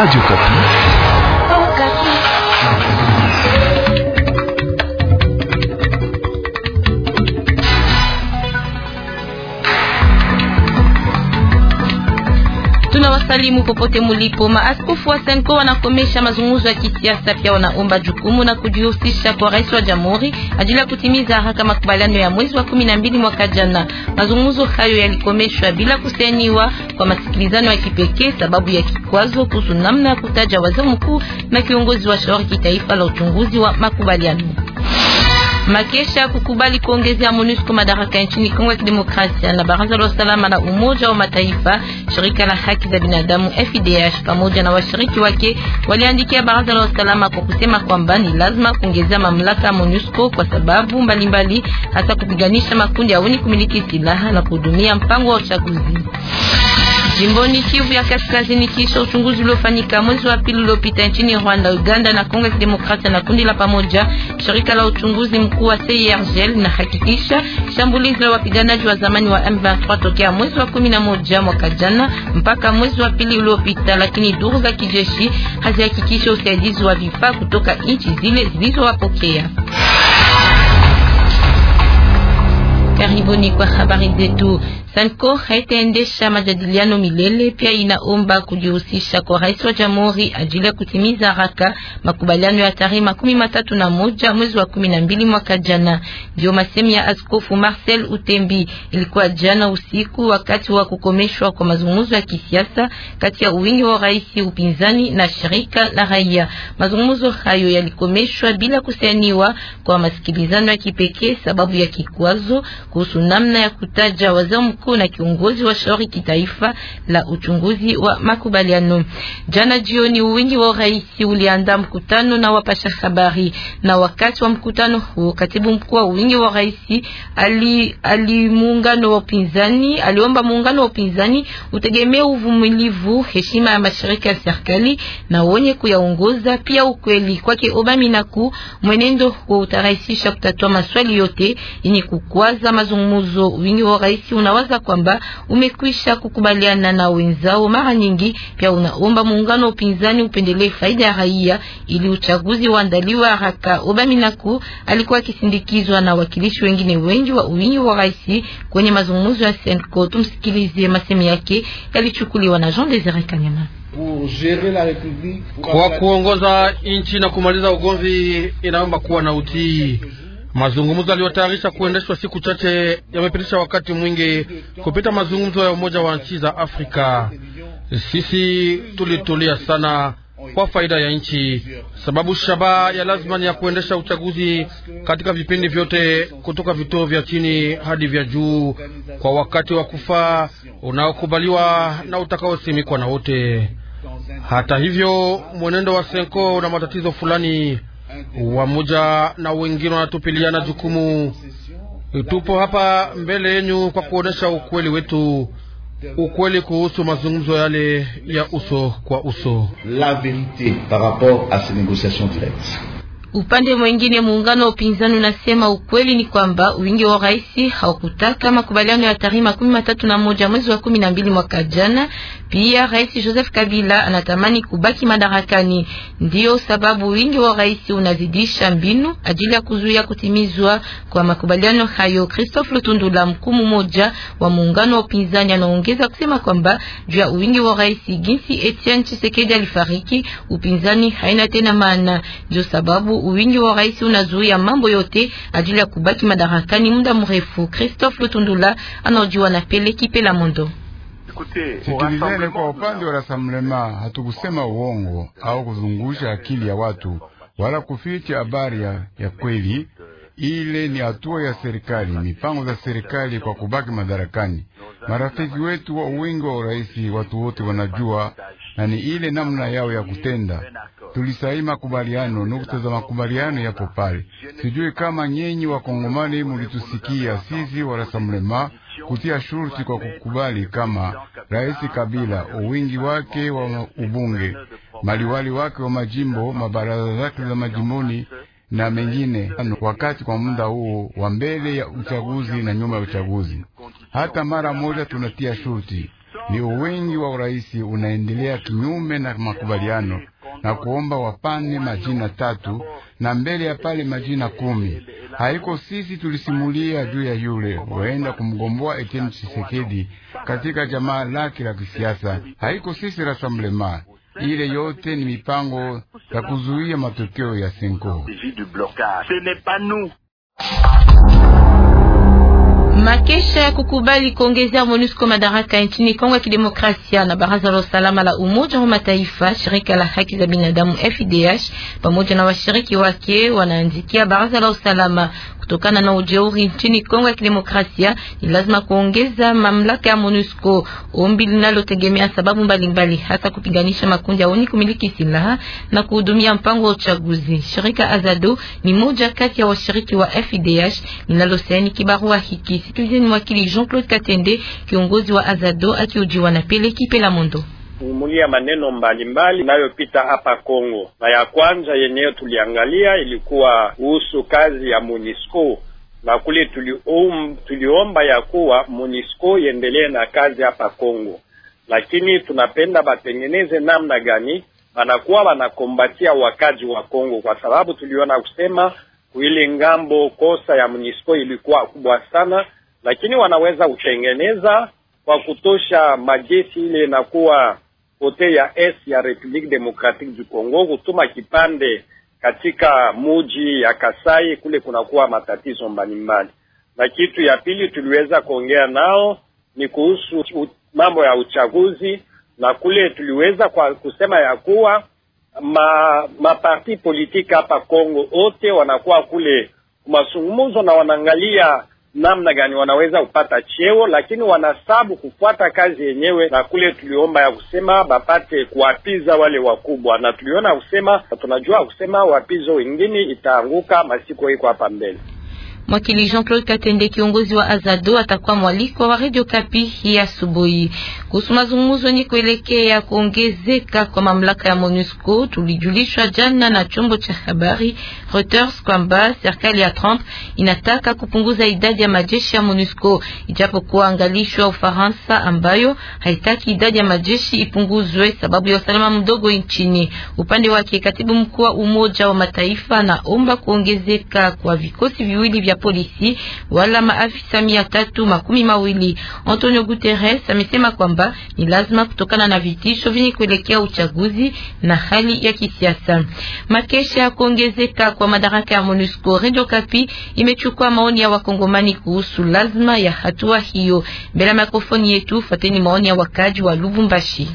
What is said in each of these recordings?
Radio Okapi. wasalimu popote mulipo. Maaskofu wa Senko wanakomesha mazungumzo ya kisiasa, pia wanaomba jukumu na kujihusisha kwa rais wa jamhuri ajili ya kutimiza haraka makubaliano ya mwezi wa 12 mwaka jana. Mazungumzo hayo yalikomeshwa bila kusainiwa kwa masikilizano ya kipekee sababu ya kikwazo kuhusu namna ya kutaja waziri mkuu na kiongozi wa shauri kitaifa la uchunguzi wa makubaliano. Makesha kukubali kuongezea MONUSCO madaraka nchini Kongo ya Kidemokrasia na Baraza la Usalama la Umoja wa Mataifa, shirika la haki za binadamu FIDH pamoja na washiriki wake waliandikia Baraza la Usalama kwa kusema kwamba ni lazima kuongezea mamlaka ya MONUSCO kwa sababu mbalimbali, hasa kupiganisha makundi ya wenye kumiliki silaha na kuhudumia mpango wa uchaguzi. Jimboni Kivu ya Kaskazini, kisha uchunguzi uliofanyika mwezi wa pili uliopita nchini Rwanda, Uganda na Kongo ya Kidemokrasia na kundi la pamoja, shirika la uchunguzi mkuu wa CIRGL e linahakikisha shambulizi la wapiganaji wa zamani wa M23 tokea mwezi wa 11 mwaka jana mpaka mwezi wa pili uliopita, lakini duru za kijeshi hazihakikisha usaidizi wa vifaa kutoka nchi zile zilizowapokea. Karibuni kwa habari zetu. Sanko haitaendesha majadiliano milele, pia inaomba kujihusisha kwa rais wa jamhuri ajili ya kutimiza haraka makubaliano ya tarehe makumi matatu na moja mwezi wa kumi na mbili mwaka jana. Ndio masemi ya Askofu Marcel Utembi ilikuwa jana usiku wakati wa kukomeshwa kwa mazungumzo ya kisiasa kati ya uwingi wa rais, upinzani na shirika la raia. Mazungumzo hayo yalikomeshwa bila kusainiwa kwa masikilizano ya kipekee sababu ya kikwazo kuhusu namna ya kutaja wazee Moscow na kiongozi wa shauri kitaifa la uchunguzi wa makubaliano. Jana jioni, wingi wa rais uliandaa mkutano na wapasha habari, na wakati wa mkutano huo katibu mkuu wa wingi wa rais ali, ali muungano wa upinzani aliomba muungano wa upinzani utegemee uvumilivu, heshima ya mashirika ya serikali na wenye kuyaongoza, pia ukweli kwake Obama na ku mwenendo wa utarahisisha kutatua maswali yote yenye kukwaza mazungumzo. Wingi wa rais unawaza kutangaza kwamba umekwisha kukubaliana na wenzao, mara nyingi pia unaomba muungano wa upinzani upendelee faida ya raia ili uchaguzi uandaliwe haraka. Obaminaku alikuwa akisindikizwa na wakilishi wengine wengi wa uwingi wa rais kwenye mazungumzo ya Senko. Tumsikilizie masemi yake yalichukuliwa na Jean Desire Kanyama. Kwa kuongoza nchi na kumaliza ugomvi, inaomba kuwa na utii Mazungumzo aliyotayarisha kuendeshwa siku chache yamepitisha wakati mwingi kupita mazungumzo ya umoja wa nchi za Afrika. Sisi tulitulia sana kwa faida ya nchi, sababu shabaha ya lazima ni ya kuendesha uchaguzi katika vipindi vyote, kutoka vituo vya chini hadi vya juu, kwa wakati wa kufaa unaokubaliwa na utakaosimikwa na wote. Hata hivyo, mwenendo wa Senko una matatizo fulani wamoja na wengine wanatupiliana jukumu. Tupo hapa mbele yenyu kwa kuonyesha ukweli wetu, ukweli kuhusu mazungumzo yale ya uso kwa uso, la verite par rapport a ces negociations directes. Upande mwingine muungano wa upinzani unasema ukweli ni kwamba wingi wa rais haukutaka makubaliano ya tarehe makumi matatu na moja mwezi wa kumi na mbili mwaka jana. Pia rais Joseph Kabila anatamani kubaki madarakani, ndiyo sababu wingi wa rais unazidisha mbinu ajili ya kuzuia kutimizwa kwa makubaliano hayo. Christophe Lutundula, mkumu moja wa muungano wa upinzani, anaongeza kusema kwamba juu ya wingi wa rais jinsi Etienne Tshisekedi alifariki, upinzani haina tena maana, ndio sababu uwingi wa rais unazuia mambo yote ajili ya kubaki madarakani muda mrefu. Christophe Lutundula anaojiwa na Pele Kipela Mondo. Sikilizeni, kwa upande wa rasamlema, hatukusema uongo au kuzungusha akili ya watu wala kuficha habari ya, ya kweli. Ile ni hatua ya serikali, mipango za serikali kwa kubaki madarakani. Marafiki wetu wa uwingi wa urais, watu wote wanajua na ni ile namna yao ya kutenda. Tulisaini makubaliano, nukta za makubaliano yapo pale. Sijui kama nyenyi wakongomani mulitusikia sisi walasamulema kutia shurti kwa kukubali kama Rais Kabila uwingi wake wa ubunge, maliwali wake wa majimbo, mabaraza zake za majimboni na mengine wakati kwa muda huo wa mbele ya uchaguzi na nyuma ya uchaguzi. Hata mara moja tunatia shurti ni wengi wa uraisi unaendelea kinyume na makubaliano na kuomba wapane majina tatu na mbele ya pale majina kumi. Haiko sisi tulisimulia juu ya yule waenda kumgomboa Etienne Tshisekedi katika jamaa lake la kisiasa. Haiko sisi Rassemblement. Ile yote ni mipango ya kuzuia matokeo ya Senko. Makesha ya kukubali kuongezea MONUSCO madaraka nchini Kongo ya Kidemokrasia na Baraza la Usalama la Umoja wa Mataifa, shirika la haki za binadamu FIDH pamoja na washiriki wake wanaandikia Baraza la Usalama kutokana na ujeuri nchini Kongo ya Kidemokrasia, ni lazima kuongeza mamlaka ya MONUSCO, ombi linalotegemea sababu mbalimbali, hasa kupiganisha makundi ya wenye kumiliki silaha na kuhudumia mpango wa uchaguzi. Shirika Azado ni moja kati ya washiriki wa FIDH linalosaini kibarua hiki. Sikilizeni wakili Jean-Claude Katende, kiongozi wa Azado, akiujiwa na Pele Kipela Mondo kuzungumulia maneno mbalimbali inayopita hapa Kongo, na ya kwanza yenyewe tuliangalia ilikuwa kuhusu kazi ya MONUSCO na kule um, tuliomba ya kuwa MONUSCO iendelee na kazi hapa Kongo, lakini tunapenda batengeneze namna gani banakuwa wanakombatia wakaji wa Kongo, kwa sababu tuliona kusema kuile ngambo kosa ya MONUSCO ilikuwa kubwa sana, lakini wanaweza kutengeneza kwa kutosha majeshi ile inakuwa kote ya est ya Republique Democratique du Congo kutuma kipande katika muji ya Kasai, kule kunakuwa matatizo mbalimbali. Na kitu ya pili tuliweza kuongea nao ni kuhusu mambo ya uchaguzi, na kule tuliweza kwa kusema ya kuwa ma, maparti politika hapa Kongo wote wanakuwa kule mazungumzo na wanaangalia namna gani wanaweza kupata cheo, lakini wanasabu kufuata kazi yenyewe, na kule tuliomba ya kusema bapate kuapiza wale wakubwa, na tuliona kusema tunajua kusema wapizo wengine itaanguka masiko iko hapa mbele. Mwakili Jean-Claude Katende, kiongozi wa Azado, atakuwa mwalikwa wa Radio Kapi hii asubuhi. Kuhusu mazungumzo yenye kuelekea kuongezeka kwa mamlaka ya MONUSCO, tulijulishwa jana na chombo cha habari Reuters kwamba serikali ya Trump inataka kupunguza idadi ya majeshi ya MONUSCO, ijapokuwa angalishwa Ufaransa ambayo haitaki idadi ya majeshi ipunguzwe sababu ya usalama mdogo nchini. Upande wake, katibu mkuu wa Umoja wa Mataifa anaomba kuongezeka kwa vikosi viwili vya polisi wala maafisa mia tatu makumi mawili. Antonio Guterres amesema kwamba ni lazima kutokana na vitisho vyenye kuelekea uchaguzi na hali ya kisiasa. Makesha ya kuongezeka kwa madaraka ya MONUSCO, Radio Kapi imechukua maoni ya wakongomani kuhusu lazima ya hatua hiyo. Mbele ya mikrofoni yetu fateni maoni ya wakaji wa Lubumbashi.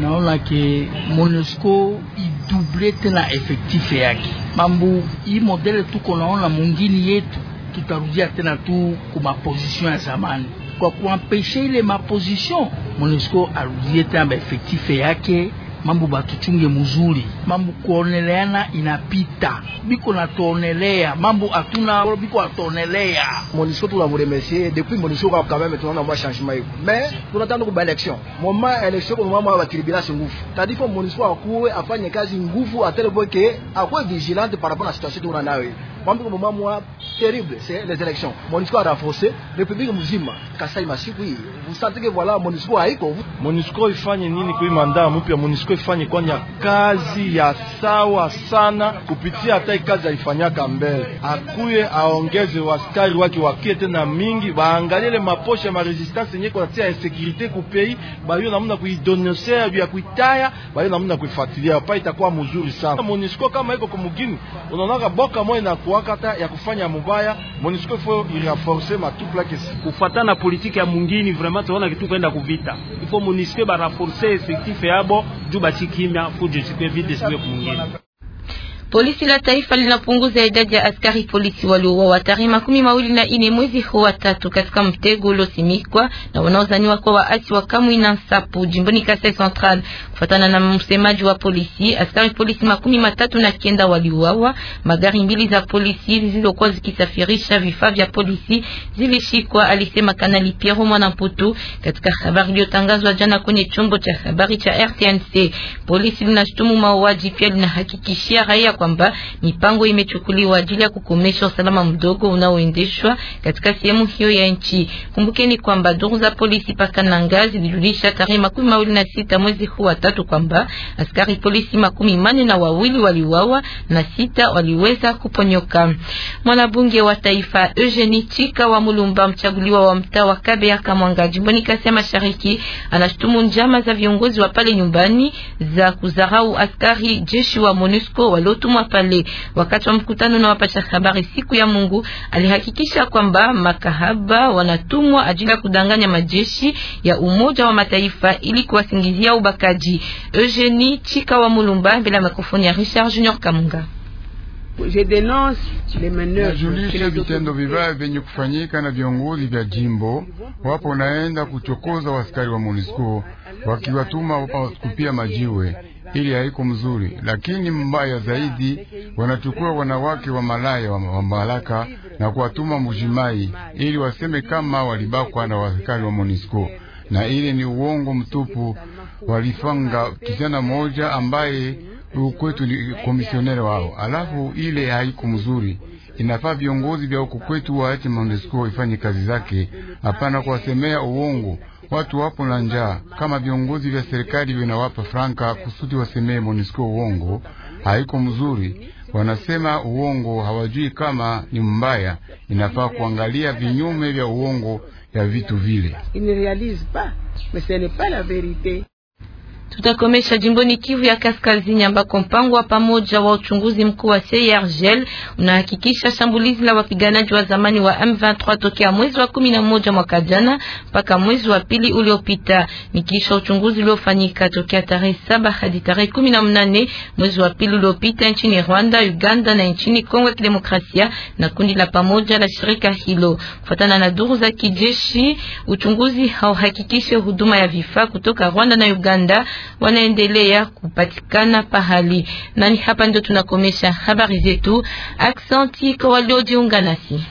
Naona ke MONUSCO iduble tena efektife yake mambo hii modele tuko naona mungini yetu, tutarudia tena tu kumaposition ya zamani kwa kuampeshe ile maposition, MONUSCO arudie tena maefektife yake mambo batuchunge muzuri, mambo kuoneleana inapita, biko natonelea mambo hatuna biko atonelea Monisco. Tunamuremercier depuis Monisco quand même, tunaona mwa changement iko mais tunataka kuba election moma election kwa mama wa kiribira nguvu tadiko Monisco akuwe afanye kazi nguvu atele boke akuwe vigilante par rapport na situation tunayo mambo kwa mama terrible, c'est les élections. MONUSCO a renforcé République mzima Kasai masiku hii usatike voila, MONUSCO haiko. MONUSCO ifanye nini kwa mandaa mpya? MONUSCO ifanye kwanya kazi ya sawa sana kupitia hata kazi aifanyaka mbele, akuye aongeze waskari wake wakie tena mingi, baangalile maposha ya maresistance yenye kunatia insekurite ku pays, bayo namuna kuidonosea ya kuitaya, qui namuna kuifuatilia pa, itakuwa mzuri sana. MONUSCO kama iko kumugini, unaonaka boka moja na kuwakata ya kufanya mubaya mabaya MONUSCO faut irafforce matupla kesi kufatana politike ya mungini vraiment tunaona kitu kwenda kuvita ifo MONUSCO barafforce effectif yabo juu bachikimya fujisike vide siwe kumungini Polisi la taifa linapunguza idadi ya askari polisi waliouawa wa tarehe makumi mawili na ine mwezi huu wa tatu katika mtego uliosimikwa na wanaozaniwa kwa waasi wa Kamwi na Nsapu jimboni Kasai Central. Kufuatana na msemaji wa polisi, askari polisi makumi matatu na kenda waliuawa. Magari mbili za polisi zilizokuwa zikisafirisha vifaa vya polisi zilishikwa, alisema Kanali Piero Mwana katika habari iliyotangazwa jana kwenye chombo cha habari cha RTNC. Polisi linashutumu mauaji, pia linahakikishia raia kwamba mipango imechukuliwa ajili ya kukomesha usalama mdogo unaoendeshwa katika sehemu hiyo ya nchi. Kumbukeni kwamba duru za polisi paka na ngazi zilijulisha tarehe makumi mawili na sita mwezi huu wa tatu kwamba askari polisi makumi manne na wawili waliwawa na sita waliweza kuponyoka. Mwanabunge wa taifa Eugeni Chika wa Mulumba, mchaguliwa wa mtaa wa Kabea Kamwanga, jimboni Kasai Mashariki, anashutumu njama za viongozi wa pale nyumbani za kuzarau askari jeshi wa MONUSCO waliotumwa yaliyotumwa pale. Wakati wa mkutano na wapasha habari siku ya Mungu, alihakikisha kwamba makahaba wanatumwa ajili ya kudanganya majeshi ya Umoja wa Mataifa ili kuwasingizia ubakaji. Eugenie Chika wa Mulumba bila mikrofoni ya Richard Junior Kamunga. Najulisha vitendo vibaya vyenye kufanyika na viongozi vya jimbo wapo naenda kuchokoza wasikari wa MONUSCO wakiwatuma kupia majiwe ili haiko mzuri, lakini mbaya zaidi wanachukua wanawake wa malaya wa malaka na kuwatuma Mujimai ili waseme kama walibakwa na wasikari wa Monisco, na ile ni uongo mtupu. Walifanga kijana mmoja ambaye ukwetu ni komisionere wao, alafu ile haiko mzuri. Inafaa viongozi vya huku kwetu waache Monisco ifanye kazi zake, hapana kuwasemea uongo watu wapo na njaa. Kama viongozi vya serikali vinawapa franka kusudi wasemee MONUSCO uongo, haiko mzuri. Wanasema uongo, hawajui kama ni mbaya. Inafaa kuangalia vinyume vya uongo ya vitu vile. Tutakomesha jimboni Kivu ya Kaskazini ambako mpango wa pamoja wa uchunguzi mkuu wa CIRGL unahakikisha shambulizi la wapiganaji wa zamani wa M23 tokea mwezi wa 11 mwaka jana mpaka mwezi wa pili uliopita. Nikisha uchunguzi uliofanyika tokea tarehe saba hadi tarehe 18 mwezi wa pili uliopita nchini Rwanda, Uganda na nchini Kongo ya Kidemokrasia na kundi la pamoja la shirika hilo. Kufuatana na duru za kijeshi, uchunguzi hauhakikishi huduma ya vifaa kutoka Rwanda na Uganda wanaendelea kupatikana pahali nani. Hapa ndio tunakomesha habari zetu. Aksanti kwa waliojiunga nasi.